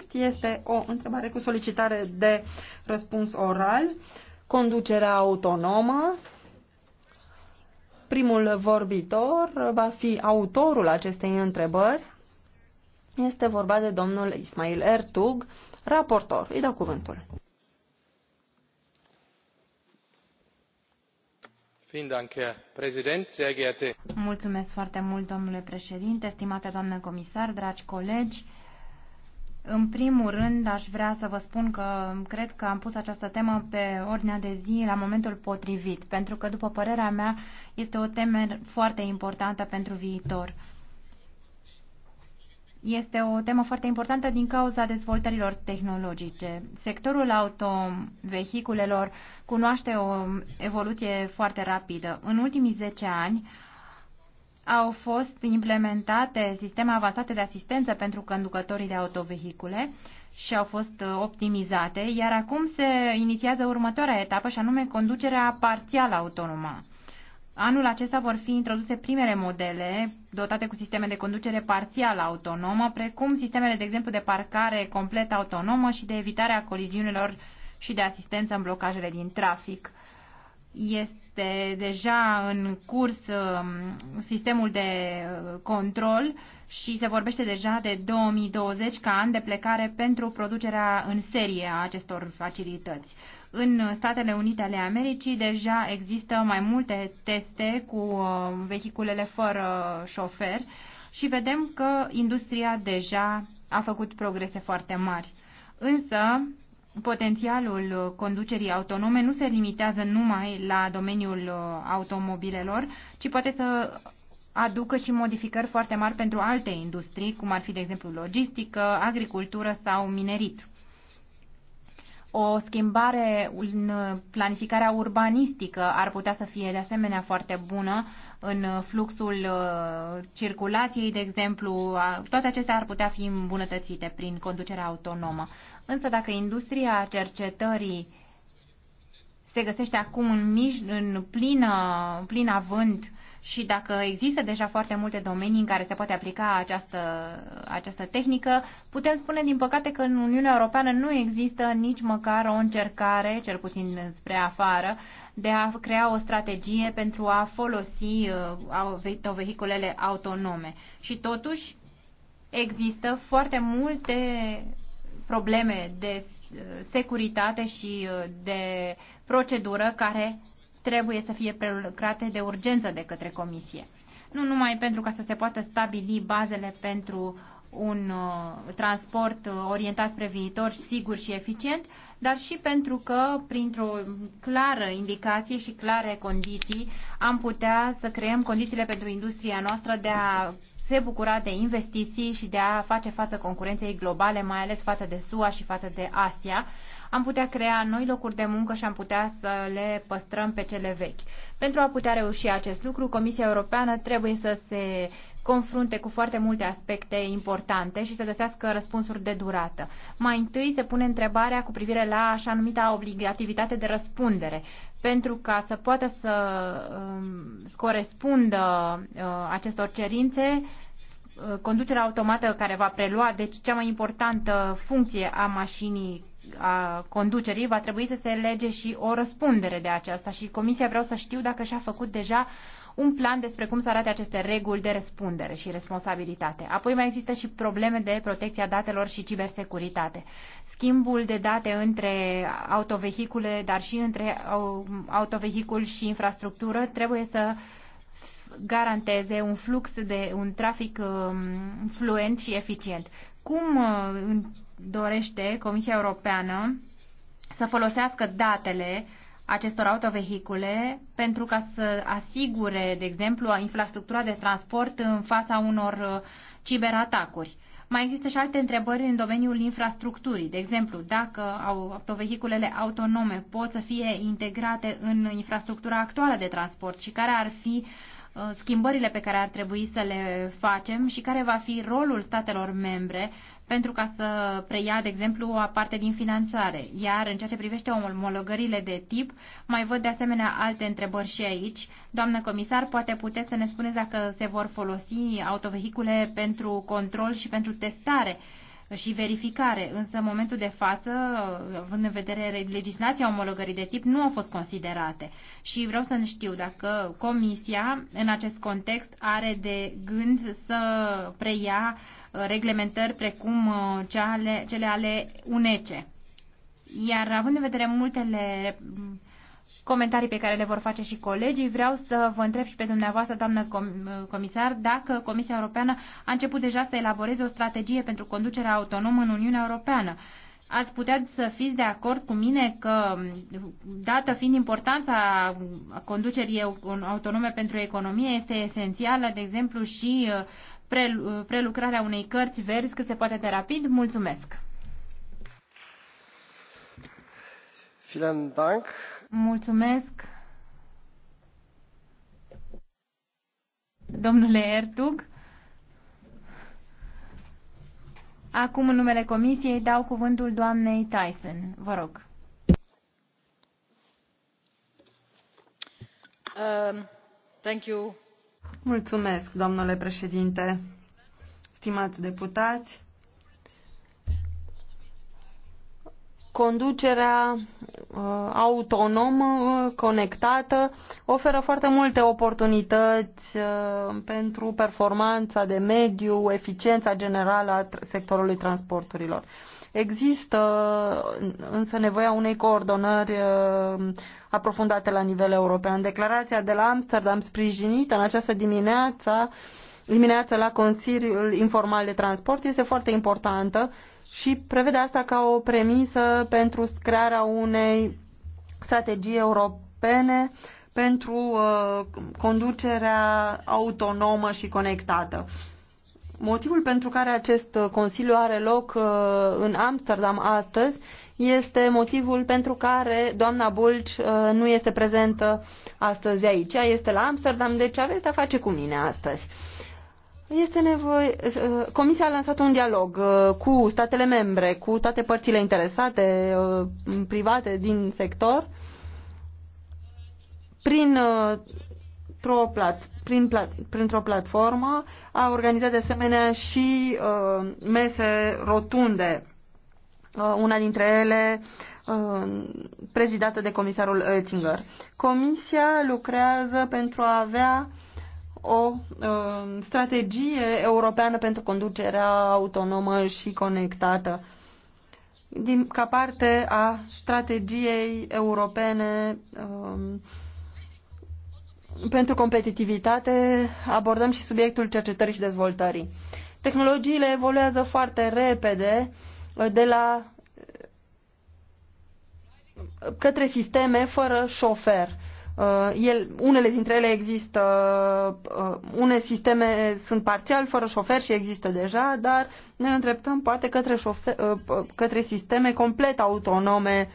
subiect este o întrebare cu solicitare de răspuns oral, conducerea autonomă. Primul vorbitor va fi autorul acestei întrebări. Este vorba de domnul Ismail Ertug, raportor. Îi dau cuvântul. Mulțumesc foarte mult, domnule președinte, stimată doamnă comisar, dragi colegi. În primul rând, aș vrea să vă spun că cred că am pus această temă pe ordinea de zi la momentul potrivit, pentru că, după părerea mea, este o temă foarte importantă pentru viitor. Este o temă foarte importantă din cauza dezvoltărilor tehnologice. Sectorul autovehiculelor cunoaște o evoluție foarte rapidă. În ultimii 10 ani, au fost implementate sisteme avansate de asistență pentru conducătorii de autovehicule și au fost uh, optimizate, iar acum se inițiază următoarea etapă și anume conducerea parțial autonomă. Anul acesta vor fi introduse primele modele dotate cu sisteme de conducere parțial autonomă, precum sistemele, de exemplu, de parcare complet autonomă și de evitare a coliziunilor și de asistență în blocajele din trafic. Este este deja în curs um, sistemul de uh, control și se vorbește deja de 2020 ca an de plecare pentru producerea în serie a acestor facilități. În Statele Unite ale Americii deja există mai multe teste cu uh, vehiculele fără șofer și vedem că industria deja a făcut progrese foarte mari. Însă, potențialul conducerii autonome nu se limitează numai la domeniul uh, automobilelor, ci poate să aducă și modificări foarte mari pentru alte industrii, cum ar fi, de exemplu, logistică, agricultură sau minerit. O schimbare în uh, planificarea urbanistică ar putea să fie de asemenea foarte bună în uh, fluxul uh, circulației, de exemplu, toate acestea ar putea fi îmbunătățite prin conducerea autonomă. Însă dacă industria cercetării se găsește acum în, mij- în plină, plin avânt și dacă există deja foarte multe domenii în care se poate aplica această, această tehnică, putem spune din păcate că în Uniunea Europeană nu există nici măcar o încercare, cel puțin spre afară, de a crea o strategie pentru a folosi uh, autovehiculele autonome. Și totuși există foarte multe probleme de uh, securitate și uh, de procedură care trebuie să fie prelucrate de urgență de către Comisie. Nu numai pentru ca să se poată stabili bazele pentru un uh, transport uh, orientat spre viitor, sigur și eficient, dar și pentru că, printr-o clară indicație și clare condiții, am putea să creăm condițiile pentru industria noastră de a se bucura de investiții și de a face față concurenței globale, mai ales față de SUA și față de Asia, am putea crea noi locuri de muncă și am putea să le păstrăm pe cele vechi. Pentru a putea reuși acest lucru, Comisia Europeană trebuie să se confrunte cu foarte multe aspecte importante și să găsească răspunsuri de durată. Mai întâi se pune întrebarea cu privire la așa numita obligativitate de răspundere. Pentru ca să poată să um, corespundă uh, acestor cerințe, uh, conducerea automată care va prelua, deci cea mai importantă funcție a mașinii a conducerii, va trebui să se lege și o răspundere de aceasta și Comisia vreau să știu dacă și-a făcut deja un plan despre cum să arate aceste reguli de răspundere și responsabilitate. Apoi mai există și probleme de protecția datelor și cibersecuritate. Schimbul de date între autovehicule, dar și între autovehicul și infrastructură trebuie să garanteze un flux de un trafic um, fluent și eficient. Cum uh, dorește Comisia Europeană să folosească datele acestor autovehicule pentru ca să asigure, de exemplu, infrastructura de transport în fața unor uh, ciberatacuri. Mai există și alte întrebări în domeniul infrastructurii. De exemplu, dacă autovehiculele autonome pot să fie integrate în infrastructura actuală de transport și care ar fi uh, Uh, schimbările pe care ar trebui să le facem și care va fi rolul statelor membre pentru ca să preia, de exemplu, o parte din finanțare. Iar în ceea ce privește omologările de tip, mai văd de asemenea alte întrebări și aici. Doamnă comisar, poate puteți să ne spuneți dacă se vor folosi autovehicule pentru control și pentru testare și verificare, însă în momentul de față, având în vedere legislația omologării de tip, nu au fost considerate. Și vreau să știu dacă Comisia, în acest context, are de gând să preia uh, reglementări precum uh, cele ale UNECE. Iar având în vedere multele comentarii pe care le vor face și colegii. Vreau să vă întreb și pe dumneavoastră, doamnă comisar, dacă Comisia Europeană a început deja să elaboreze o strategie pentru conducerea autonomă în Uniunea Europeană. Ați putea să fiți de acord cu mine că, dată fiind importanța conducerii autonome pentru economie, este esențială, de exemplu, și uh, uh, prelucrarea unei cărți verzi cât se poate de rapid? Mulțumesc! Mulțumesc. Domnule Ertug. Acum, în numele Comisiei, dau cuvântul doamnei Tyson. Vă rog. Um, thank you. Mulțumesc, domnule președinte. Stimați deputați, conducerea uh, autonomă, conectată, oferă foarte multe oportunități uh, pentru performanța de mediu, eficiența generală a sectorului transporturilor. Există însă nevoia unei coordonări uh, aprofundate la nivel european. Declarația de la Amsterdam sprijinită în această dimineață dimineață la Consiliul Informal de Transport este foarte importantă și prevede asta ca o premisă pentru crearea unei strategii europene pentru uh, conducerea autonomă și conectată. Motivul pentru care acest Consiliu are loc uh, în Amsterdam astăzi este motivul pentru care doamna Bulci uh, nu este prezentă astăzi aici. Ea este la Amsterdam, deci aveți de-a face cu mine astăzi. Uh, este nevoie. Uh, Comisia a lansat un dialog uh, cu statele membre, cu toate părțile interesate, uh, private din sector, prin o plat, prin plat, printr-o platformă, a organizat de asemenea și uh, mese rotunde, uh, una dintre ele uh, prezidată de comisarul Oettinger. Comisia lucrează pentru a avea o uh, strategie europeană pentru conducerea autonomă și conectată din, ca parte a strategiei europene um, pentru competitivitate abordăm și subiectul cercetării și dezvoltării. Tehnologiile evoluează foarte repede uh, de la uh, către sisteme fără șofer. Uh, el, unele dintre ele există, uh, unele sisteme sunt parțial fără șofer și există deja, dar ne îndreptăm poate către, șofer, uh, către sisteme complet autonome.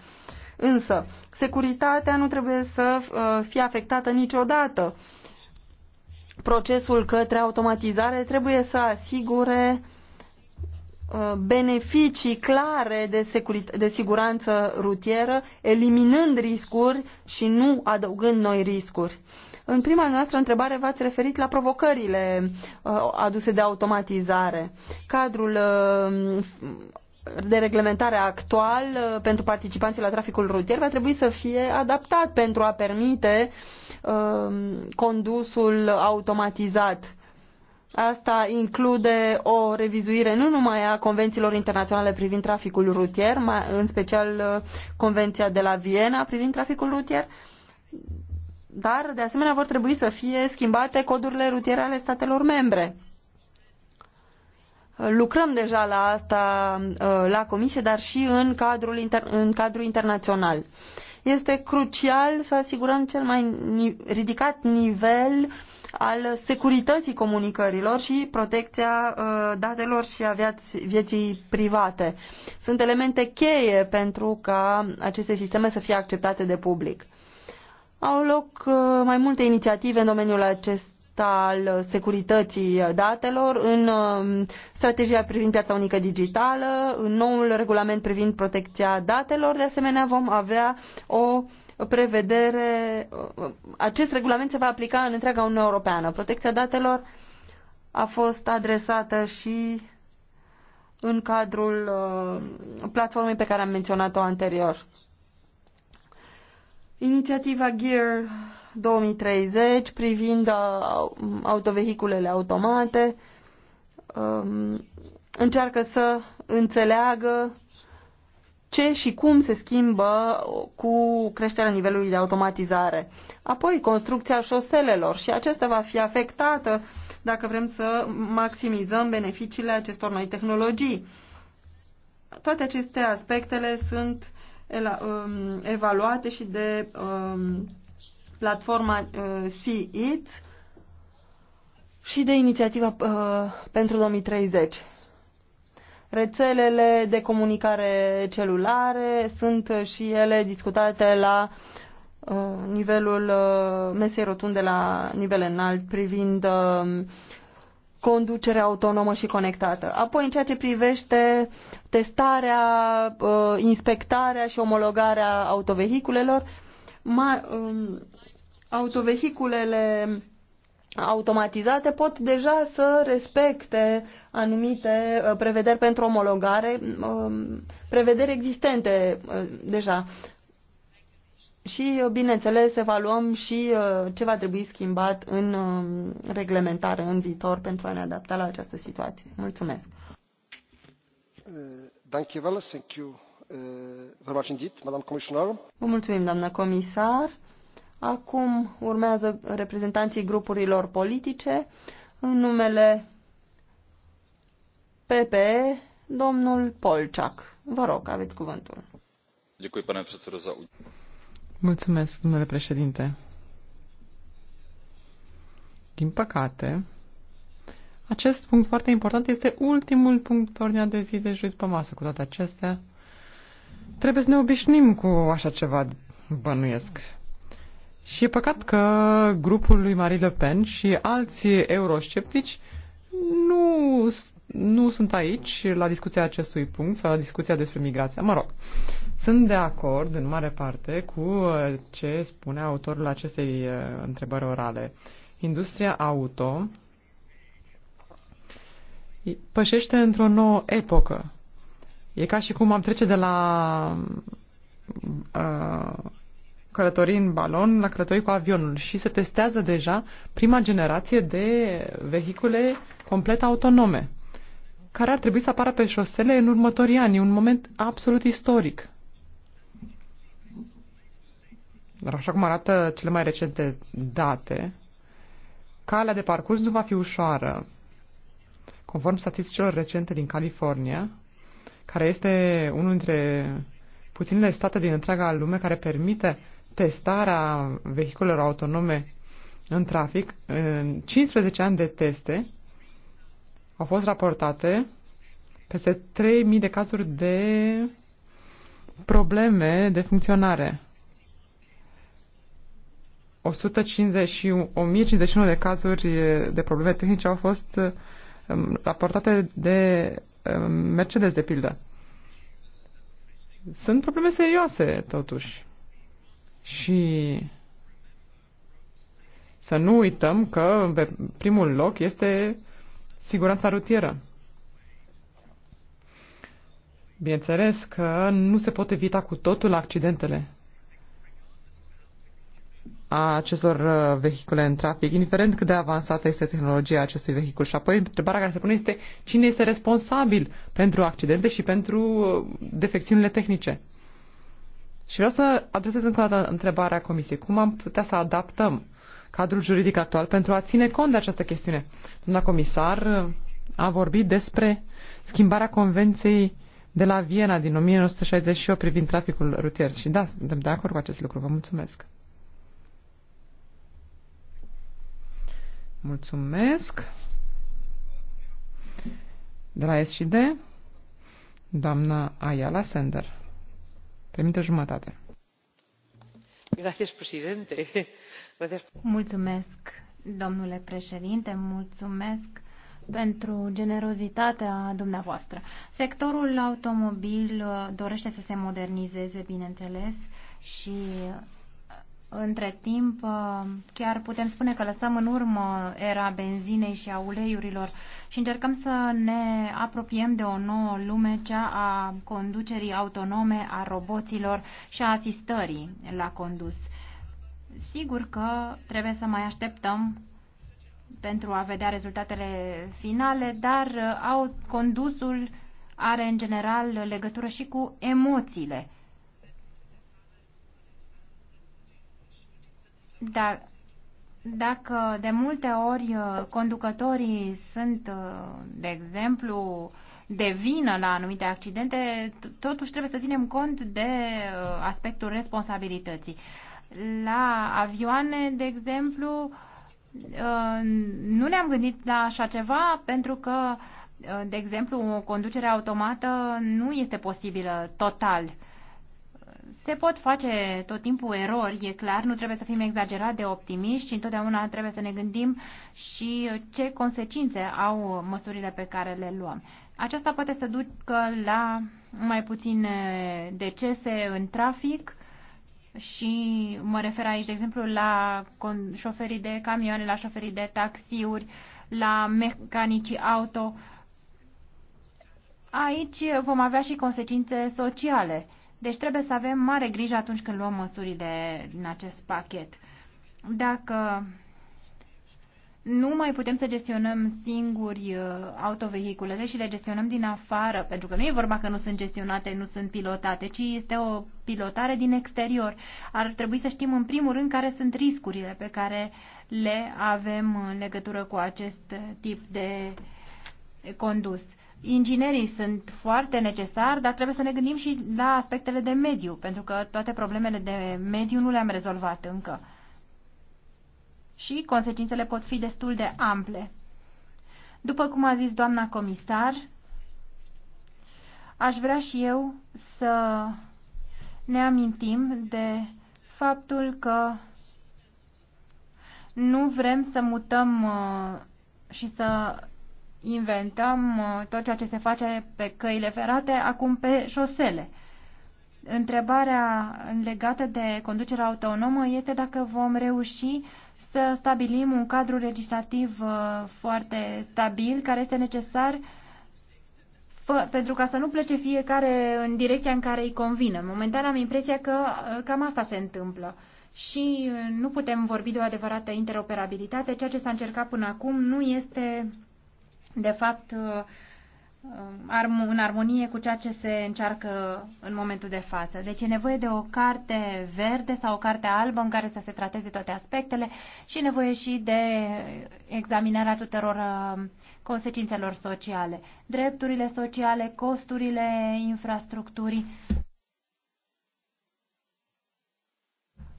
Însă, securitatea nu trebuie să uh, fie afectată niciodată. Procesul către automatizare trebuie să asigure Uh, beneficii clare de, de siguranță rutieră, eliminând riscuri și nu adăugând noi riscuri. În prima noastră întrebare v-ați referit la provocările uh, aduse de automatizare. Cadrul uh, de reglementare actual pentru participanții la traficul rutier va trebui să fie adaptat pentru a permite condusul automatizat Asta include o revizuire nu numai a convențiilor internaționale privind traficul rutier, în special uh, Convenția de la Viena privind traficul rutier, dar de asemenea vor trebui să fie schimbate codurile rutiere ale statelor membre. Uh, lucrăm deja la asta uh, la comisie, dar și în cadrul, inter- în cadrul internațional. Este crucial să asigurăm cel mai ridicat nivel uh, al securității comunicărilor și protecția uh, datelor și a vieții private. Sunt elemente cheie pentru ca aceste sisteme să fie acceptate de public. Au loc uh, mai multe inițiative în domeniul acest al securității datelor, în uh, strategia privind piața unică digitală, în noul regulament privind protecția datelor. De asemenea, vom avea o prevedere, acest regulament se va aplica în întreaga Uniune Europeană. Protecția datelor a fost adresată și în cadrul uh, platformei pe care am menționat-o anterior. Inițiativa Gear 2030 privind uh, autovehiculele automate um, încearcă să înțeleagă ce și cum se schimbă cu creșterea nivelului de automatizare. Apoi, construcția șoselelor și acesta va fi afectată dacă vrem să maximizăm beneficiile acestor noi tehnologii. Toate aceste aspectele sunt um, evaluate și de um, platforma uh, See It și de inițiativa uh, pentru 2030. Rețelele de comunicare celulare sunt și ele discutate la uh, nivelul uh, mesei rotunde la nivel înalt privind uh, conducerea autonomă și conectată. Apoi, în ceea ce privește testarea, inspectarea și omologarea autovehiculelor, um, autovehiculele automatizate pot deja să respecte anumite uh, prevederi pentru omologare, um, prevederi existente uh, deja. Și, uh, bineînțeles, evaluăm și ce va trebui schimbat în um, reglementare în viitor pentru a ne adapta la această situație. Mulțumesc! Vă mulțumim, doamnă comisar. Acum urmează reprezentanții grupurilor politice. În numele PPE, domnul Polciac. Vă rog, aveți cuvântul. Mulțumesc, domnule președinte. Din păcate, acest punct foarte important este ultimul punct pe ordinea de zi de joi pe masă. Cu toate acestea, trebuie să ne obișnim cu așa ceva, bănuiesc. Și e păcat că grupul lui Marie Le Pen și alți eurosceptici nu, nu sunt aici la discuția acestui punct sau la discuția despre migrație. Mă rog, sunt de acord în mare parte cu ce spune autorul acestei uh, întrebări orale. Industria auto pășește într-o nouă epocă. E ca și cum am trece de la uh, călătorii în balon, la călătorii cu avionul și se testează deja prima generație de vehicule complet autonome, care ar trebui să apară pe șosele în următorii ani. E un moment absolut istoric. Dar așa cum arată cele mai recente date, calea de parcurs nu va fi ușoară. Conform statisticilor recente din California, care este unul dintre puținele state din întreaga lume care permite testarea vehiculelor autonome în trafic, în 15 ani de teste au fost raportate peste 3.000 de cazuri de probleme de funcționare. 151, 1051 de cazuri de probleme tehnice au fost um, raportate de um, Mercedes, de pildă. Sunt probleme serioase, totuși. Și să nu uităm că pe primul loc este siguranța rutieră. Bineînțeles că nu se pot evita cu totul accidentele a acestor uh, vehicule în trafic, indiferent cât de avansată este tehnologia acestui vehicul. Și apoi întrebarea care se pune este cine este responsabil pentru accidente și pentru uh, defecțiunile tehnice. Și vreau să adresez încă o dată întrebarea Comisiei. Cum am putea să adaptăm cadrul juridic actual pentru a ține cont de această chestiune? Doamna comisar a vorbit despre schimbarea Convenției de la Viena din 1968 privind traficul rutier. Și da, suntem de acord cu acest lucru. Vă mulțumesc. Mulțumesc. De la SD, și doamna Ayala Sender jumătate. Mulțumesc, domnule președinte, mulțumesc pentru generozitatea dumneavoastră. Sectorul automobil uh, dorește să se modernizeze, bineînțeles, și între timp, uh, chiar putem spune că lăsăm în urmă era benzinei și a uleiurilor și încercăm să ne apropiem de o nouă lume, cea a conducerii autonome, a roboților și a asistării la condus. Sigur că trebuie să mai așteptăm pentru a vedea rezultatele finale, dar uh, au, condusul are în general legătură și cu emoțiile Dar dacă de multe ori uh, conducătorii sunt, uh, de exemplu, de vină la anumite accidente, totuși trebuie să ținem cont de uh, aspectul responsabilității. La avioane, de exemplu, nu ne-am gândit la așa ceva pentru că, de exemplu, o conducere automată nu este posibilă total se pot face tot timpul erori, e clar, nu trebuie să fim exagerat de optimiști și întotdeauna trebuie să ne gândim și ce consecințe au măsurile pe care le luăm. Aceasta poate să ducă la mai puține decese în trafic și mă refer aici, de exemplu, la șoferii de camioane, la șoferii de taxiuri, la mecanicii auto. Aici vom avea și consecințe sociale deci trebuie să avem mare grijă atunci când luăm măsurile din acest pachet. Dacă nu mai putem să gestionăm singuri uh, autovehiculele și le gestionăm din afară, pentru că nu e vorba că nu sunt gestionate, nu sunt pilotate, ci este o pilotare din exterior. Ar trebui să știm în primul rând care sunt riscurile pe care le avem în legătură cu acest tip de condus. Inginerii sunt foarte necesari, dar trebuie să ne gândim și la aspectele de mediu, pentru că toate problemele de mediu nu le-am rezolvat încă. Și consecințele pot fi destul de ample. După cum a zis doamna comisar, aș vrea și eu să ne amintim de faptul că nu vrem să mutăm uh, și să inventăm uh, tot ceea ce se face pe căile ferate, acum pe șosele. Întrebarea legată de conducerea autonomă este dacă vom reuși să stabilim un cadru legislativ uh, foarte stabil care este necesar pentru ca să nu plece fiecare în direcția în care îi convine. Momentan am impresia că uh, cam asta se întâmplă și nu putem vorbi de o adevărată interoperabilitate. Ceea ce s-a încercat până acum nu este de fapt, uh, uh, în armonie cu ceea ce se încearcă în momentul de față. Deci e nevoie de o carte verde sau o carte albă în care să se trateze toate aspectele și e nevoie și de examinarea tuturor uh, consecințelor sociale. Drepturile sociale, costurile infrastructurii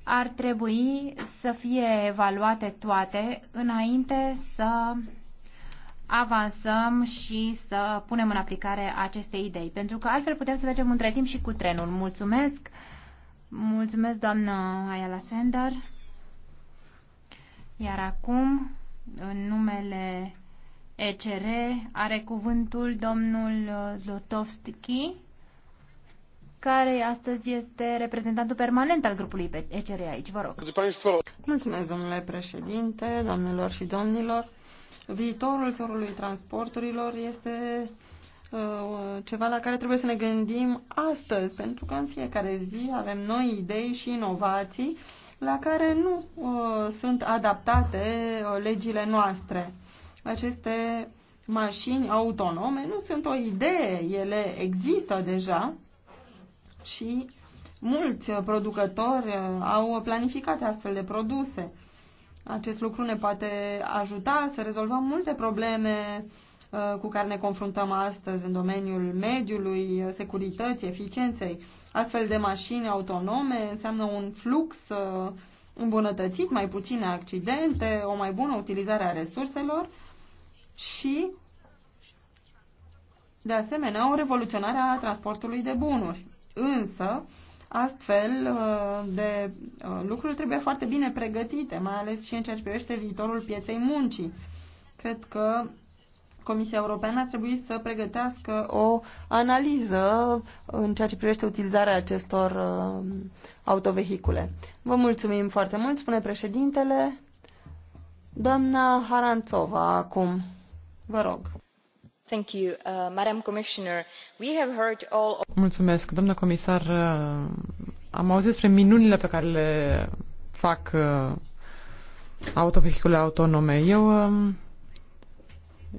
ar trebui să fie evaluate toate înainte să avansăm și să punem în aplicare aceste idei, pentru că altfel putem să mergem între timp și cu trenul. Mulțumesc! Mulțumesc, doamnă Ayala Sender. Iar acum, în numele ECR, are cuvântul domnul Zlotovski, care astăzi este reprezentantul permanent al grupului ECR aici. Vă rog. Mulțumesc, domnule președinte, doamnelor și domnilor. Viitorul sorului transporturilor este uh, ceva la care trebuie să ne gândim astăzi, pentru că în fiecare zi avem noi idei și inovații la care nu uh, sunt adaptate uh, legile noastre. Aceste mașini autonome nu sunt o idee, ele există deja și mulți producători uh, au planificat astfel de produse. Acest lucru ne poate ajuta să rezolvăm multe probleme uh, cu care ne confruntăm astăzi în domeniul mediului, uh, securității, eficienței. Astfel de mașini autonome înseamnă un flux uh, îmbunătățit, mai puține accidente, o mai bună utilizare a resurselor și, de asemenea, o revoluționare a transportului de bunuri. Însă, Astfel uh, de uh, lucruri trebuie foarte bine pregătite, mai ales și în ceea ce privește viitorul pieței muncii. Cred că Comisia Europeană ar trebui să pregătească o analiză în ceea ce privește utilizarea acestor uh, autovehicule. Vă mulțumim foarte mult, spune președintele. Doamna Haranțova, acum, vă rog. Uh, Mulțumesc, doamnă comisar uh, am auzit despre minunile pe care le fac uh, autovehiculele autonome. Eu, um,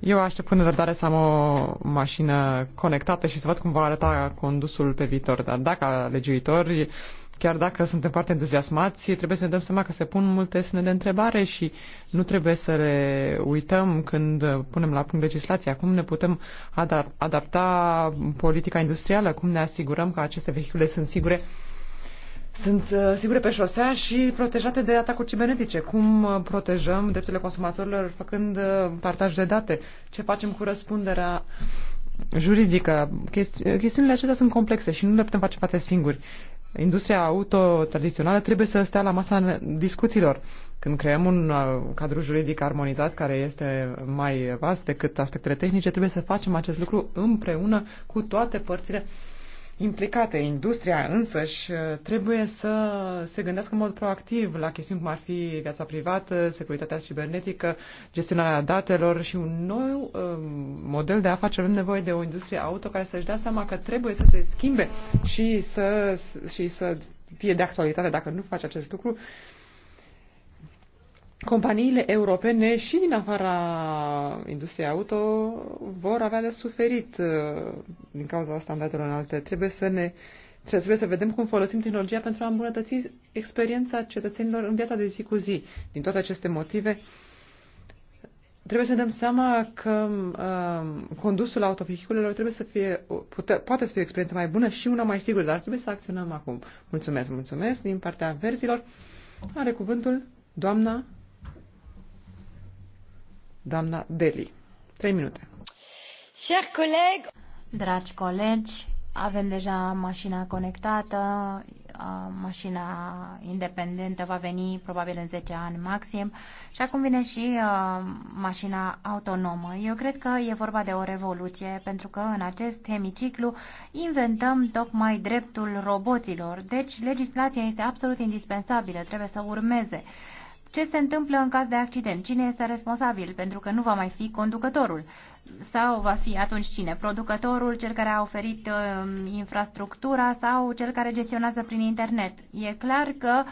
eu aștept cu nerăbdare să am o mașină conectată și să văd cum va arăta condusul pe viitor. Dar dacă legiuitori chiar dacă suntem foarte entuziasmați, trebuie să ne dăm seama că se pun multe semne de întrebare și nu trebuie să le uităm când punem la punct legislația. Cum ne putem adapta politica industrială? Cum ne asigurăm că aceste vehicule sunt sigure? Sunt uh, sigure pe șosea și protejate de atacuri cibernetice. Cum uh, protejăm drepturile consumatorilor făcând uh, partaj de date? Ce facem cu răspunderea juridică? Chesti- chestiunile acestea sunt complexe și nu le putem face față singuri industria auto tradițională trebuie să stea la masa discuțiilor. Când creăm un uh, cadru juridic armonizat care este mai vast decât aspectele tehnice, trebuie să facem acest lucru împreună cu toate părțile uh, implicate. Industria însăși uh, trebuie să se gândească în mod proactiv la chestiuni cum ar fi viața privată, securitatea cibernetică, gestionarea datelor și un nou uh, model de afaceri. Avem nevoie de o industrie auto care să-și dea seama că trebuie să se schimbe și să, și să fie de actualitate. Dacă nu face acest lucru, uh, companiile europene și din afara industriei auto vor avea de suferit uh, din cauza standardelor înalte. Trebuie să ne Trebuie să vedem cum folosim tehnologia pentru a îmbunătăți experiența cetățenilor în viața de zi cu zi. Din toate aceste motive, trebuie să ne dăm seama că uh, condusul autovehiculelor trebuie să fie, pute, poate să fie o experiență mai bună și una mai sigură, dar trebuie să acționăm acum. Mulțumesc, mulțumesc. Din partea verzilor are cuvântul doamna doamna Deli. Trei minute. Cher coleg... Dragi colegi, avem deja mașina conectată, mașina independentă va veni probabil în 10 ani maxim și acum vine și mașina autonomă. Eu cred că e vorba de o revoluție pentru că în acest hemiciclu inventăm tocmai dreptul roboților, deci legislația este absolut indispensabilă, trebuie să urmeze. Ce se întâmplă în caz de accident? Cine este responsabil? Pentru că nu va mai fi conducătorul. Sau va fi atunci cine? Producătorul, cel care a oferit uh, infrastructura sau cel care gestionează prin internet? E clar că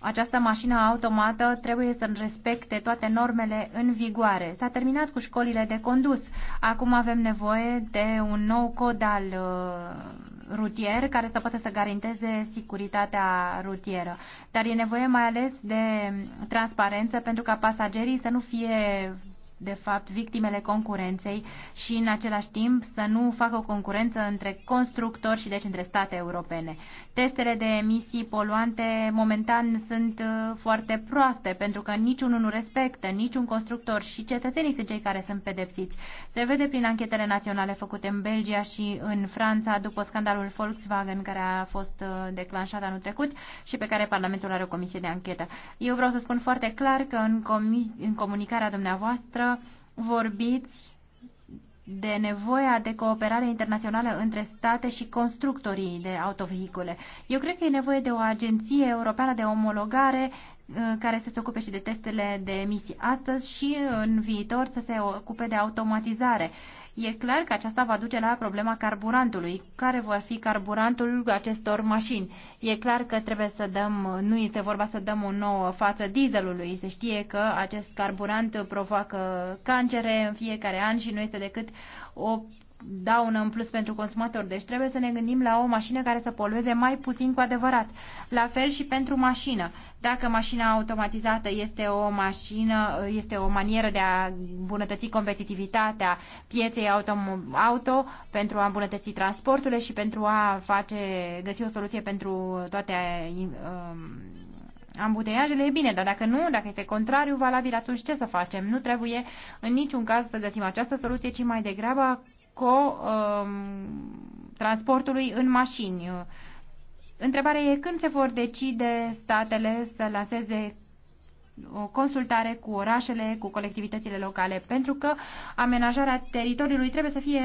această mașină automată trebuie să respecte toate normele în vigoare. S-a terminat cu școlile de condus. Acum avem nevoie de un nou cod al uh, rutier care să poată să garanteze securitatea rutieră. Dar e nevoie mai ales de transparență pentru ca pasagerii să nu fie de fapt, victimele concurenței și, în același timp, să nu facă o concurență între constructori și, deci, între state europene. Testele de emisii poluante, momentan, sunt uh, foarte proaste, pentru că niciunul nu respectă, niciun constructor și cetățenii sunt cei care sunt pedepsiți. Se vede prin anchetele naționale făcute în Belgia și în Franța, după scandalul Volkswagen, care a fost uh, declanșat anul trecut și pe care Parlamentul are o comisie de anchetă. Eu vreau să spun foarte clar că în, comi- în comunicarea dumneavoastră dumneavoastră vorbiți de nevoia de cooperare internațională între state și constructorii de autovehicule. Eu cred că e nevoie de o agenție europeană de omologare Uh, care să se ocupe și de testele de emisii astăzi și uh, în viitor să se ocupe de automatizare. E clar că aceasta va duce la problema carburantului. Care vor fi carburantul acestor mașini? E clar că trebuie să dăm, nu este vorba să dăm o nouă față dieselului. Se știe că acest carburant provoacă cancere în fiecare an și nu este decât o daună în plus pentru consumator. Deci trebuie să ne gândim la o mașină care să polueze mai puțin cu adevărat. La fel și pentru mașină. Dacă mașina automatizată este o mașină, este o manieră de a îmbunătăți competitivitatea pieței auto, auto pentru a îmbunătăți transporturile și pentru a face, găsi o soluție pentru toate um, ambuteiajele, e bine, dar dacă nu, dacă este contrariu valabil, atunci ce să facem? Nu trebuie în niciun caz să găsim această soluție, ci mai degrabă co-transportului um, în mașini. Întrebarea e când se vor decide statele să lanseze o consultare cu orașele, cu colectivitățile locale, pentru că amenajarea teritoriului trebuie să fie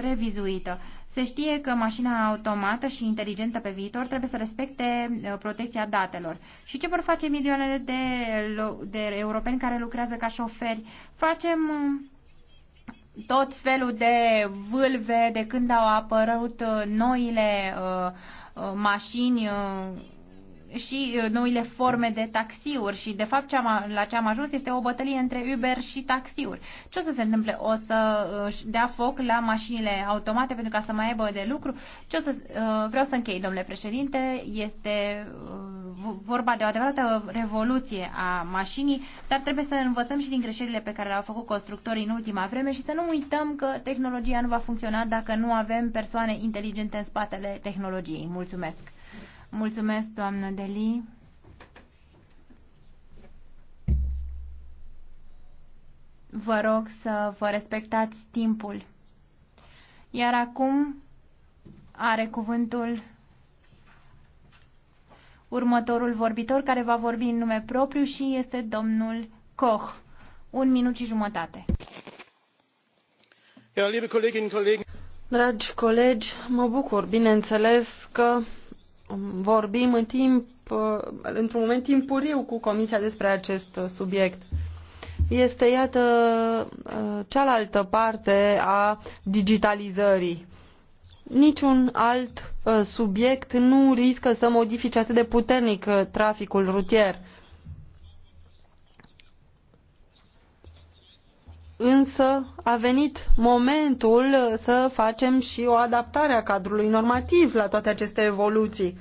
revizuită. Se știe că mașina automată și inteligentă pe viitor trebuie să respecte uh, protecția datelor. Și ce vor face milioanele de, de europeni care lucrează ca șoferi? Facem uh, tot felul de vâlve de când au apărut uh, noile uh, uh, mașini uh, și uh, noile forme de taxiuri și de fapt ce am, la ce am ajuns este o bătălie între Uber și taxiuri. Ce o să se întâmple? O să uh, dea foc la mașinile automate pentru ca să mai aibă de lucru? Ce o să, uh, vreau să închei, domnule președinte, este vorba de o adevărată revoluție a mașinii, dar trebuie să învățăm și din greșelile pe care le-au făcut constructorii în ultima vreme și să nu uităm că tehnologia nu va funcționa dacă nu avem persoane inteligente în spatele tehnologiei. Mulțumesc! Mulțumesc, doamnă Deli. Vă rog să vă respectați timpul. Iar acum are cuvântul următorul vorbitor care va vorbi în nume propriu și este domnul Koch. Un minut și jumătate. Ja, liebe Kolleginnen Kollegen. Dragi colegi, mă bucur, bineînțeles, că vorbim în timp, uh, într-un moment timpuriu cu Comisia despre acest subiect. Este, iată, uh, cealaltă parte a digitalizării. Niciun alt uh, subiect nu riscă să modifice atât de puternic traficul rutier însă a venit momentul să facem și o adaptare a cadrului normativ la toate aceste evoluții.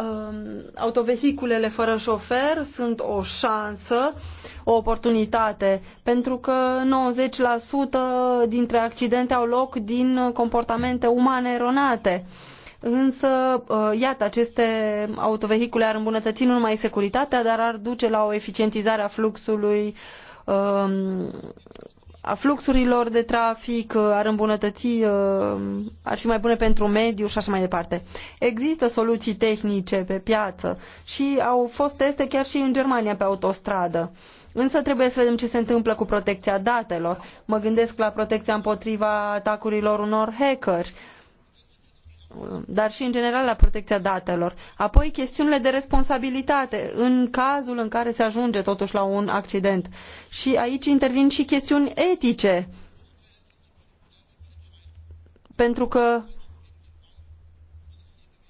Um, autovehiculele fără șofer sunt o șansă, o oportunitate, pentru că 90% dintre accidente au loc din comportamente umane eronate. Însă, uh, iată, aceste autovehicule ar îmbunătăți nu numai securitatea, dar ar duce la o eficientizare a fluxului uh, Um, a fluxurilor de trafic, uh, ar îmbunătăți, uh, ar fi mai bune pentru mediu și așa mai departe. Există soluții tehnice pe piață și au fost teste chiar și în Germania pe autostradă. Însă trebuie să vedem ce se întâmplă cu protecția datelor. Mă gândesc la protecția împotriva atacurilor unor hackeri dar și în general la protecția datelor. Apoi chestiunile de responsabilitate în cazul în care se ajunge totuși la un accident. Și aici intervin și chestiuni etice. Pentru că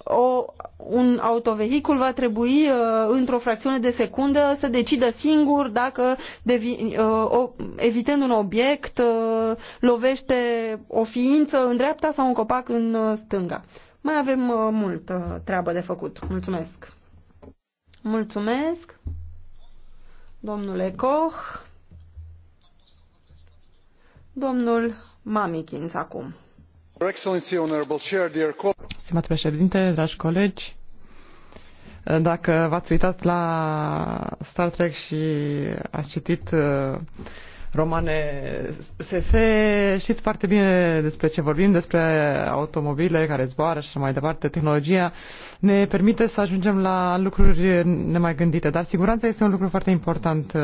o, un autovehicul va trebui uh, într-o fracțiune de secundă să decidă singur dacă, devi, uh, o, evitând un obiect, uh, lovește o ființă în dreapta sau un copac în stânga. Mai avem multă treabă de făcut. Mulțumesc! Mulțumesc, domnule Koch. Domnul Mamikins acum. Stimate președinte, dragi colegi, dacă v-ați uitat la Star Trek și ați citit uh, romane SF, știți foarte bine despre ce vorbim, despre automobile care zboară și așa mai departe. Tehnologia ne permite să ajungem la lucruri nemai gândite, dar siguranța este un lucru foarte important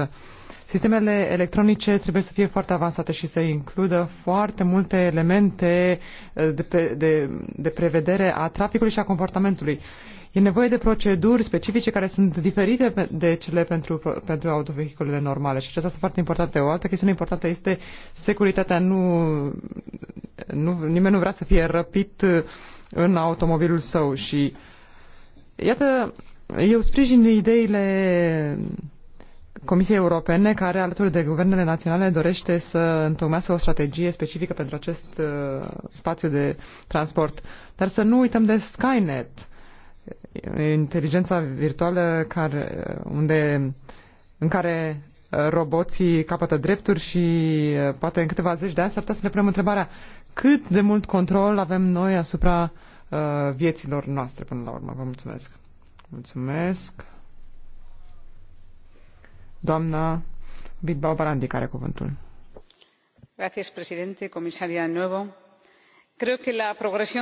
Sistemele electronice trebuie să fie foarte avansate și să includă foarte multe elemente eh, de, pe, de, de prevedere a traficului și a comportamentului. E nevoie de proceduri specifice care sunt diferite de cele pentru, pentru autovehiculele normale și acestea sunt foarte importante. O altă chestiune importantă este securitatea. Nu, nu, nimeni nu vrea să fie răpit eh, în automobilul său și iată, eu sprijin ideile Comisiei Europene, care alături de guvernele naționale dorește să întocmească o strategie specifică pentru acest uh, spațiu de transport. Dar să nu uităm de Skynet, inteligența virtuală care, unde, în care uh, roboții capătă drepturi și uh, poate în câteva zeci de ani s-ar putea să ne punem întrebarea cât de mult control avem noi asupra uh, vieților noastre până la urmă. Vă mulțumesc! Mulțumesc! Doamna Bilbao Barandi, care cuvântul. Gracias, presidente, comisaria nuevo. Creo que la progresión...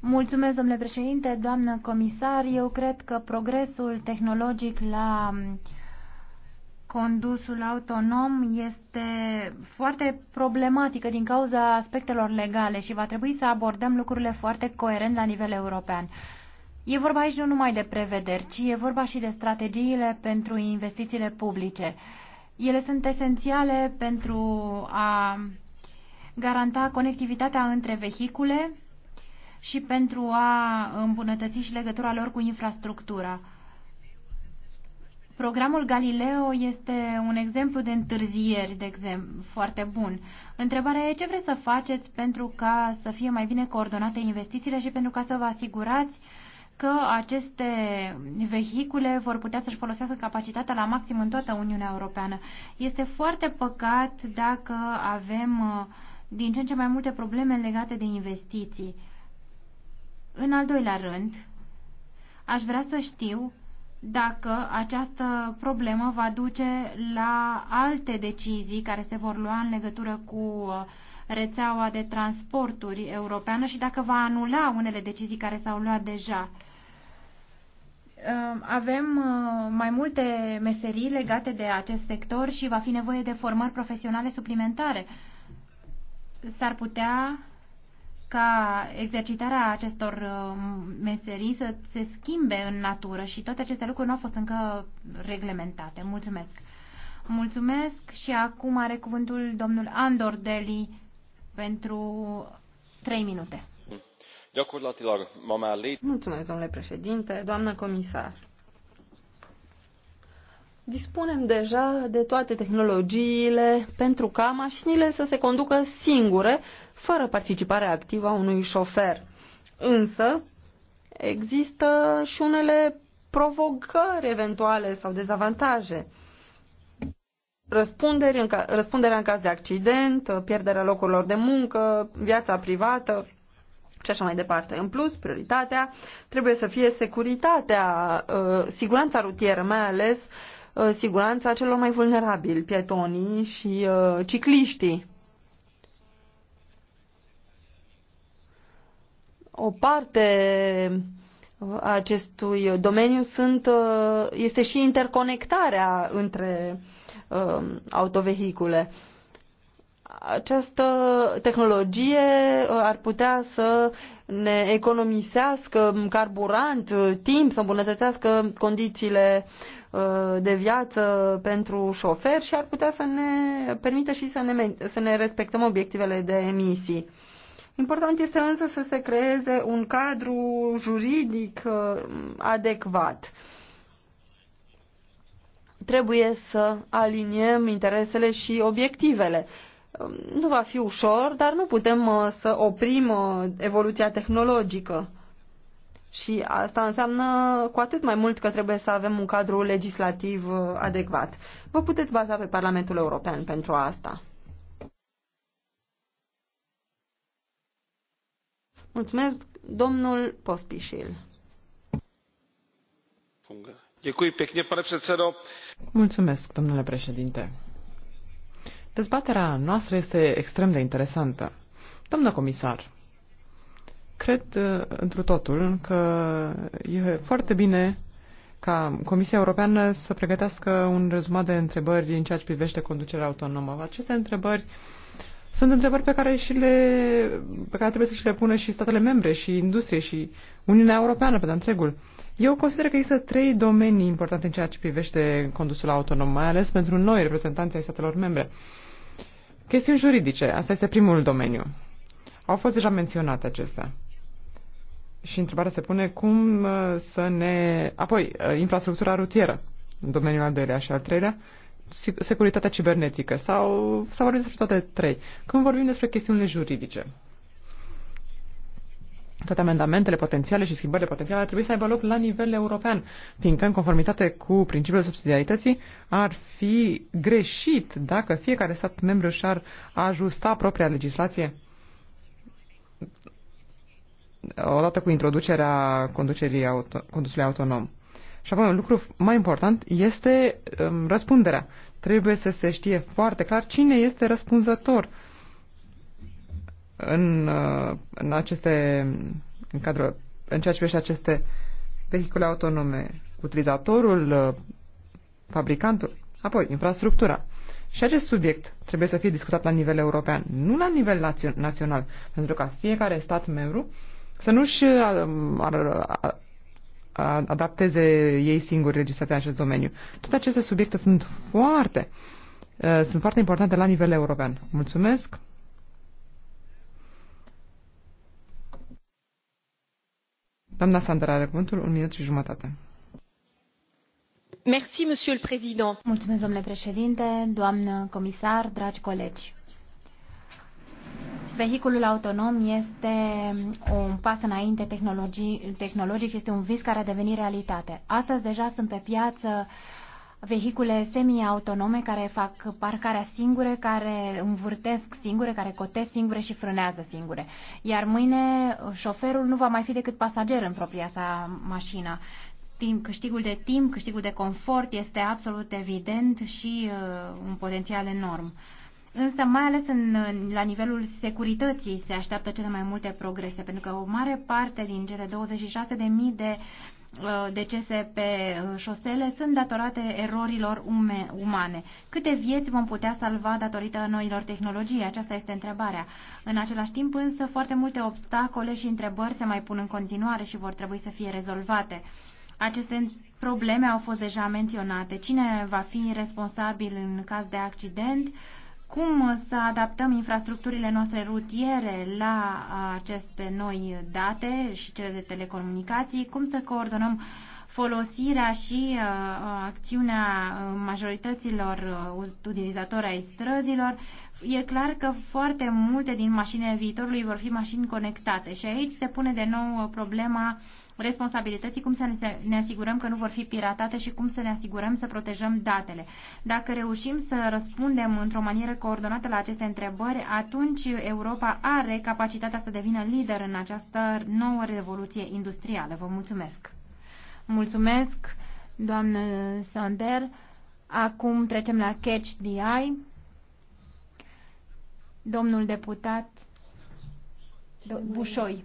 Mulțumesc, domnule președinte, doamnă comisar. Eu cred că progresul tehnologic la um, condusul autonom este foarte problematică din cauza aspectelor legale și va trebui să abordăm lucrurile foarte coerent la nivel european. E vorba aici nu numai de prevederi, ci e vorba și de strategiile pentru investițiile publice. Ele sunt esențiale pentru a garanta conectivitatea între vehicule și pentru a îmbunătăți și legătura lor cu infrastructura. Programul Galileo este un exemplu de întârzieri, de exemplu, foarte bun. Întrebarea e ce vreți să faceți pentru ca să fie mai bine coordonate investițiile și pentru ca să vă asigurați uh, că aceste vehicule vor putea să-și folosească capacitatea la maxim în toată Uniunea Europeană. Este foarte păcat dacă avem uh, din ce în ce mai multe probleme legate de investiții. În al doilea rând, aș vrea să știu dacă această problemă va duce la alte decizii care se vor lua în legătură cu uh, rețeaua de transporturi europeană și dacă va anula unele decizii care s-au luat deja avem uh, mai multe meserii legate de acest sector și va fi nevoie de formări profesionale suplimentare. S-ar putea ca exercitarea acestor uh, meserii să se schimbe în natură și toate aceste lucruri nu au fost încă reglementate. Mulțumesc! Mulțumesc și acum are cuvântul domnul Andor Deli pentru 3 minute. Gyakorlatilag ma már lét... Mulțumesc, domnule președinte, doamnă comisar. Dispunem deja de toate tehnologiile pentru ca mașinile să se conducă singure, fără participarea activă a unui șofer. Însă, există și unele provocări eventuale sau dezavantaje. răspunderea în caz de accident, pierderea locurilor de muncă, viața privată și așa mai departe. În plus, prioritatea trebuie să fie securitatea, uh, siguranța rutieră, mai ales uh, siguranța celor mai vulnerabili, pietonii și uh, cicliștii. O parte a acestui domeniu sunt, este și interconectarea între autovehicule această tehnologie uh, ar putea să ne economisească carburant, uh, timp, să îmbunătățească condițiile uh, de viață pentru șofer și ar putea să ne permită și să ne, să ne respectăm obiectivele de emisii. Important este însă să se creeze un cadru juridic adecvat trebuie să aliniem interesele și obiectivele. Nu va fi ușor, dar nu putem uh, să oprim uh, evoluția tehnologică. Și asta înseamnă cu atât mai mult că trebuie să avem un cadru legislativ uh, adecvat. Vă puteți baza pe Parlamentul European pentru asta. Mulțumesc, domnul Pospișil. Mulțumesc, domnule președinte Dezbaterea noastră este extrem de interesantă. Domnă comisar, cred uh, întru totul că e foarte bine ca Comisia Europeană să pregătească un rezumat de întrebări în ceea ce privește conducerea autonomă. Aceste întrebări sunt întrebări pe care, și le, pe care trebuie să și le pună și statele membre, și industrie, și Uniunea Europeană pe de întregul. Eu consider că există trei domenii importante în ceea ce privește condusul autonom, mai ales pentru noi, reprezentanții ai statelor membre. Chestiuni juridice, asta este primul domeniu. Au fost deja menționate acestea. Și întrebarea se pune cum uh, să ne... Apoi, uh, infrastructura rutieră, în domeniul al doilea și al treilea, securitatea cibernetică sau, sau vorbim despre toate trei. Când vorbim despre chestiunile juridice, toate amendamentele potențiale și schimbările potențiale ar trebui să aibă loc la nivel european, fiindcă, în conformitate cu principiul subsidiarității, ar fi greșit dacă fiecare stat membru și-ar ajusta propria legislație odată cu introducerea conducerii auto, condusului autonom. Și apoi un lucru mai important este um, răspunderea. Trebuie să se știe foarte clar cine este răspunzător în, uh, în aceste, în cadrul, în ceea ce privește aceste vehicule autonome, utilizatorul, uh, fabricantul, apoi infrastructura. Și acest subiect trebuie să fie discutat la nivel european, nu la nivel național, pentru ca fiecare stat membru să nu-și uh, adapteze ei singuri legislația în acest domeniu. Toate aceste subiecte sunt foarte, sunt foarte importante la nivel european. Mulțumesc! Doamna Sandra are cuvântul, un minut și jumătate. Merci, monsieur le président. Mulțumesc, domnule președinte, doamnă comisar, dragi colegi. Vehiculul autonom este un pas înainte tehnologic, este un vis care a devenit realitate. Astăzi deja sunt pe piață uh, vehicule semi-autonome care fac parcarea singure, care învârtesc singure, care cotesc singure și frânează singure. Iar mâine uh, șoferul nu va mai fi decât pasager în propria sa mașină. Timp, câștigul de timp, câștigul de confort este absolut evident și uh, un potențial enorm. Însă, mai ales în, la nivelul securității, se așteaptă cele mai multe progrese, pentru că o mare parte din cele 26.000 de Uh, decese pe uh, șosele sunt datorate erorilor ume, umane. Câte vieți vom putea salva datorită noilor tehnologii? Aceasta este întrebarea. În același timp însă foarte multe obstacole și întrebări se mai pun în continuare și vor trebui să fie rezolvate. Aceste probleme au fost deja menționate. Cine va fi responsabil în caz de accident? Uh, cum să adaptăm infrastructurile noastre rutiere la aceste noi date și cele de telecomunicații, cum să coordonăm folosirea și uh, acțiunea uh, majorităților uh, utilizatori ai străzilor. E clar că foarte multe din mașinile viitorului vor fi mașini conectate și aici se pune de nou problema uh, responsabilității, cum să ne asigurăm că nu vor fi piratate și cum să ne asigurăm să protejăm datele. Dacă reușim să răspundem într-o manieră coordonată la aceste întrebări, atunci Europa are capacitatea să devină lider în această nouă revoluție industrială. Vă mulțumesc! Mulțumesc, doamnă Sander. Acum trecem la Catch the Eye. Domnul deputat Bușoi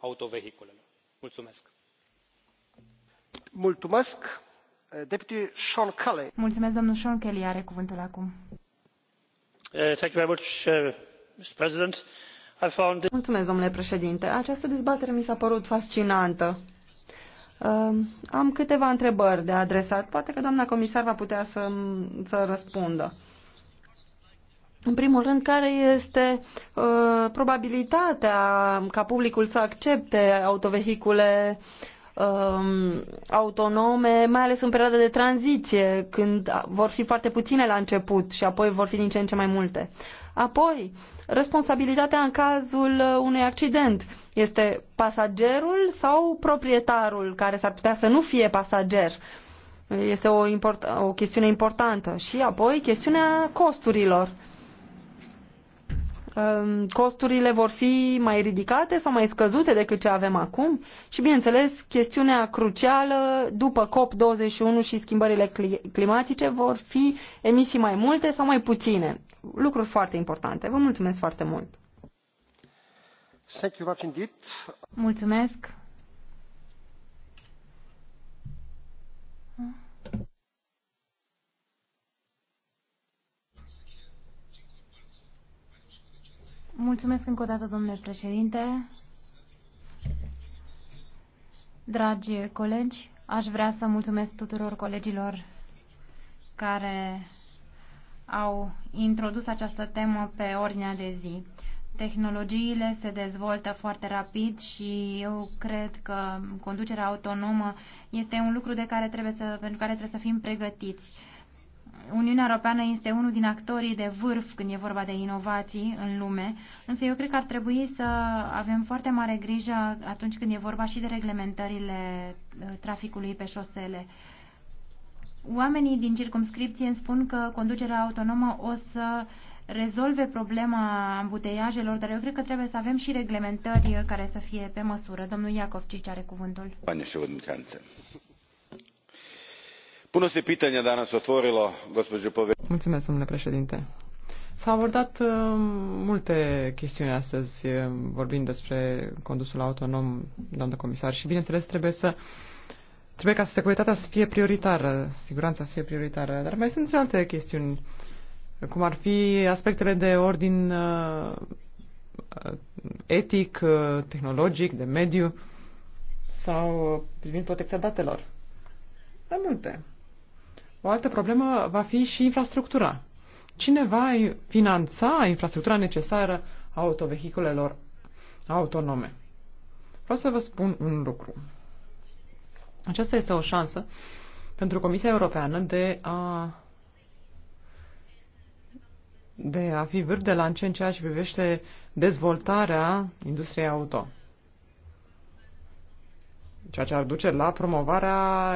autovehiculelor. mulțumesc. mulțumesc domnul are cuvântul acum. Uh, uh, mulțumesc, domnule președinte această dezbatere mi s a părut fascinantă. Um, am câteva întrebări de adresat poate că doamna comisar va putea să, să răspundă. În primul rând, care este uh, probabilitatea ca publicul să accepte autovehicule uh, autonome, mai ales în perioada de tranziție, când vor fi foarte puține la început și apoi vor fi din ce în ce mai multe. Apoi, responsabilitatea în cazul uh, unui accident este pasagerul sau proprietarul, care s-ar putea să nu fie pasager. Este o, import- o chestiune importantă. Și apoi, chestiunea costurilor. Uh, Ehm, costurile vor fi mai ridicate sau mai scăzute decât ce avem acum? Și, bineînțeles, chestiunea crucială după COP21 și schimbările climatice vor fi emisii mai multe sau mai puține. Lucruri foarte importante. Vă mulțumesc foarte mult! Mulțumesc! Mulțumesc încă o dată, domnule președinte. Dragi colegi, aș vrea să mulțumesc tuturor colegilor care au introdus această temă pe ordinea de zi. Tehnologiile se dezvoltă foarte rapid și eu cred că conducerea autonomă este un lucru de care trebuie să, pentru care trebuie să fim pregătiți. Uniunea Europeană este unul din actorii de vârf când e vorba de inovații în lume, însă eu cred că ar trebui să avem foarte mare grijă atunci când e vorba și de reglementările uh, traficului pe șosele. Oamenii din circumscripție îmi spun că conducerea autonomă o să rezolve problema ambuteiajelor, dar eu cred că trebuie să avem și reglementări care să fie pe măsură. Domnul Iacov ce are cuvântul. Pane domnule președinte s au abordat uh, multe chestiuni astăzi vorbind despre condusul autonom doamnă comisar și bineînțeles trebuie să trebuie ca securitatea să fie prioritară siguranța să fie prioritară dar mai sunt și alte chestiuni cum ar fi aspectele de ordin uh, uh, etic, tehnologic, de mediu sau privind protecția datelor. Mai multe. O altă problemă va fi și infrastructura. Cine va finanța infrastructura necesară a autovehiculelor autonome? Vreau să vă spun un lucru. Aceasta este o șansă pentru Comisia Europeană de a de a fi vârf de lance în ceea ce privește dezvoltarea industriei auto. Ceea ce ar duce la promovarea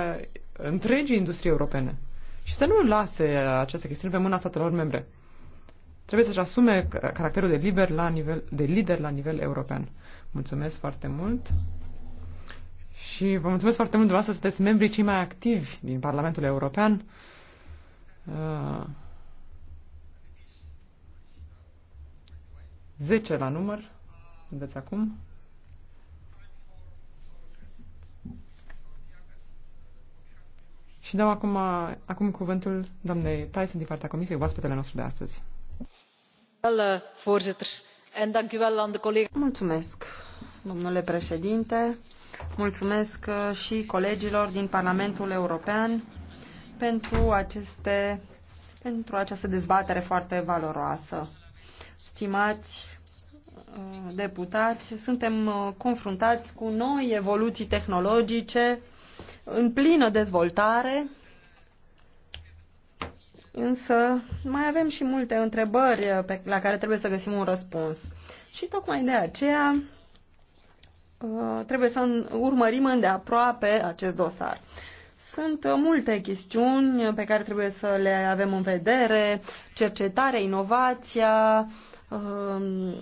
întregii industrie europene și să nu lase aceste chestiuni pe mâna statelor membre. Trebuie să-și asume caracterul de, liber la nivel, de lider la nivel european. Mulțumesc foarte mult și vă mulțumesc foarte mult dumneavoastră, sunteți membrii cei mai activi din Parlamentul European. Uh, 10 la număr, vedeți acum. Și dau acum, acum cuvântul doamnei Tyson din partea Comisiei, oaspetele nostru de astăzi. Eh, Mulțumesc, domnule președinte. Mulțumesc eh, și colegilor din Parlamentul European pentru, aceste, pentru această dezbatere foarte valoroasă. Stimați eh, deputați, suntem confruntați cu noi evoluții tehnologice în plină dezvoltare, însă mai avem și multe întrebări pe, la care trebuie să găsim un răspuns. Și tocmai de aceea uh, trebuie să urmărim îndeaproape acest dosar. Sunt multe chestiuni pe care trebuie să le avem în vedere, cercetarea, inovația, Um,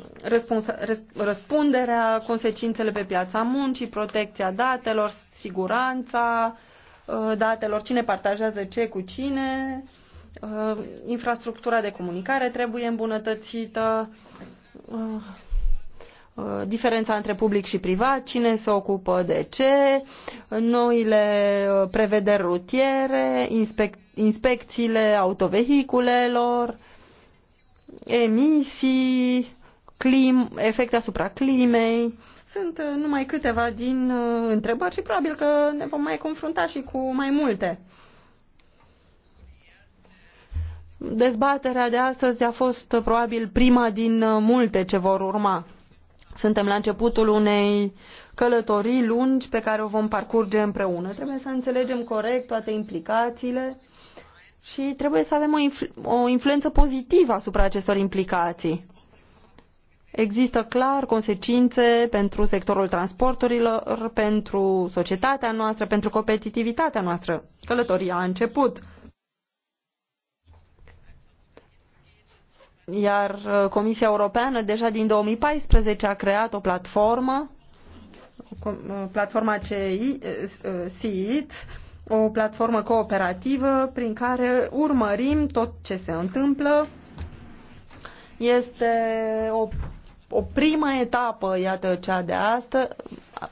răspunderea, consecințele pe piața muncii, protecția datelor, siguranța uh, datelor, cine partajează ce cu cine, uh, infrastructura de comunicare trebuie îmbunătățită, uh, diferența între public și privat, cine se ocupă de ce, noile prevederi rutiere, inspec- inspecțiile autovehiculelor, emisii, clim, efecte asupra climei. Sunt uh, numai câteva din uh, întrebări și probabil că ne vom mai confrunta și cu mai multe. Dezbaterea de astăzi a fost uh, probabil prima din multe ce vor urma. Suntem la începutul unei călătorii lungi pe care o vom parcurge împreună. Trebuie să înțelegem corect toate implicațiile și trebuie să avem o, influ o influență pozitivă asupra acestor implicații. Există clar consecințe pentru sectorul transporturilor, pentru societatea noastră, pentru competitivitatea noastră. Călătoria a început. Iar uh, Comisia Europeană deja din 2014 a creat o platformă, uh, platforma CEIT, uh, o platformă cooperativă prin care urmărim tot ce se întâmplă. Este o, o primă etapă, iată cea de asta.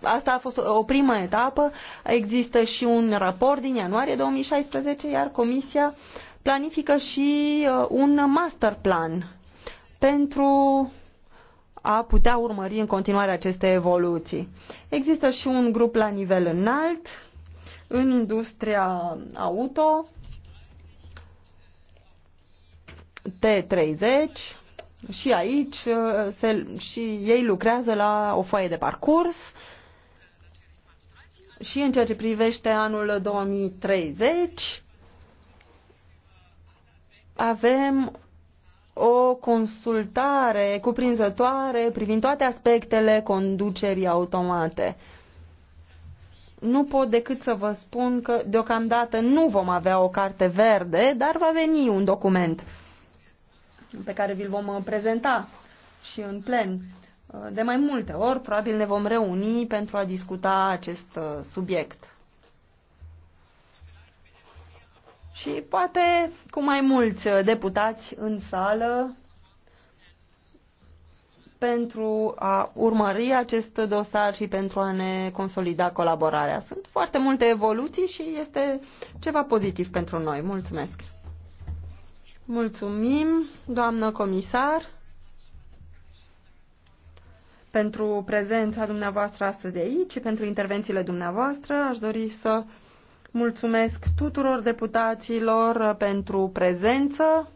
Asta a fost o primă etapă. Există și un raport din ianuarie 2016, iar Comisia planifică și uh, un master plan pentru a putea urmări în continuare aceste evoluții. Există și un grup la nivel înalt în industria auto, T30 și aici uh, se, și ei lucrează la o foaie de parcurs și în ceea ce privește anul 2030 avem o consultare cuprinzătoare privind toate aspectele conducerii automate nu pot decât să vă spun că deocamdată nu vom avea o carte verde, dar va veni un document pe care vi-l vom uh, prezenta și în plen. Uh, de mai multe ori, probabil ne vom reuni pentru a discuta acest uh, subiect. Și poate cu mai mulți deputați în sală pentru a urmări acest dosar și pentru a ne consolida colaborarea. Sunt foarte multe evoluții și este ceva pozitiv pentru noi. Mulțumesc! Mulțumim, doamnă comisar, pentru prezența dumneavoastră astăzi aici și pentru intervențiile dumneavoastră. Aș dori să mulțumesc tuturor deputaților pentru prezență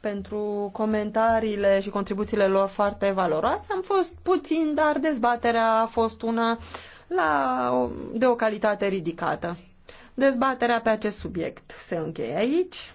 pentru comentariile și contribuțiile lor foarte valoroase. Am fost puțin, dar dezbaterea a fost una la, de o calitate ridicată. Dezbaterea pe acest subiect se încheie aici.